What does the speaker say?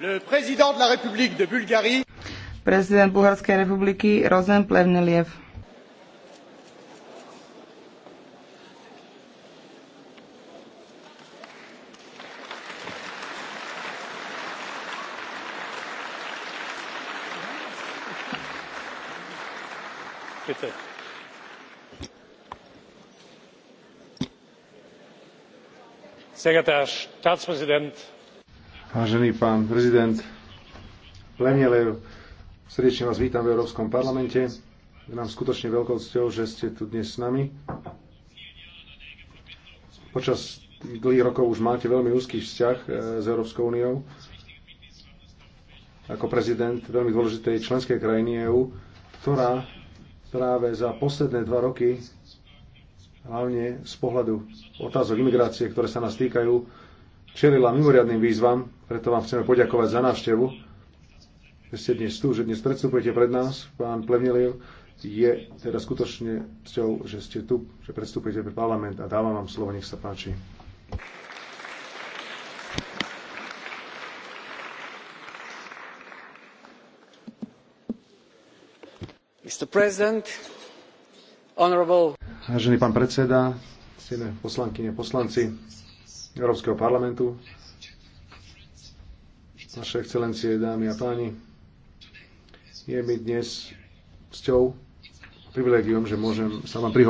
Le président de la République de Bulgarie prezident Bulharskej republiky Rozen Plevneliev. sehr geehrter herr staatspräsident! Vážený pán prezident Lenielev, srdečne vás vítam v Európskom parlamente. Je nám skutočne veľkou cťou, že ste tu dnes s nami. Počas dlhých rokov už máte veľmi úzký vzťah e, s Európskou úniou. Ako prezident veľmi dôležitej členskej krajiny EÚ, ktorá práve za posledné dva roky, hlavne z pohľadu otázok imigrácie, ktoré sa nás týkajú, čelila mimoriadným výzvam, preto vám chceme poďakovať za návštevu, že ste dnes tu, že dnes predstupujete pred nás. Pán Plevnilil, je teda skutočne cťou, že ste tu, že predstupujete pre parlament a dávam vám slovo, nech sa páči. Mr. President, honorable... Vážený pán predseda, ctené poslankyne, poslanci, Európskeho parlamentu, vaše excelencie, dámy a páni, je mi dnes cťou privilegium, že môžem sa vám prihovoriť.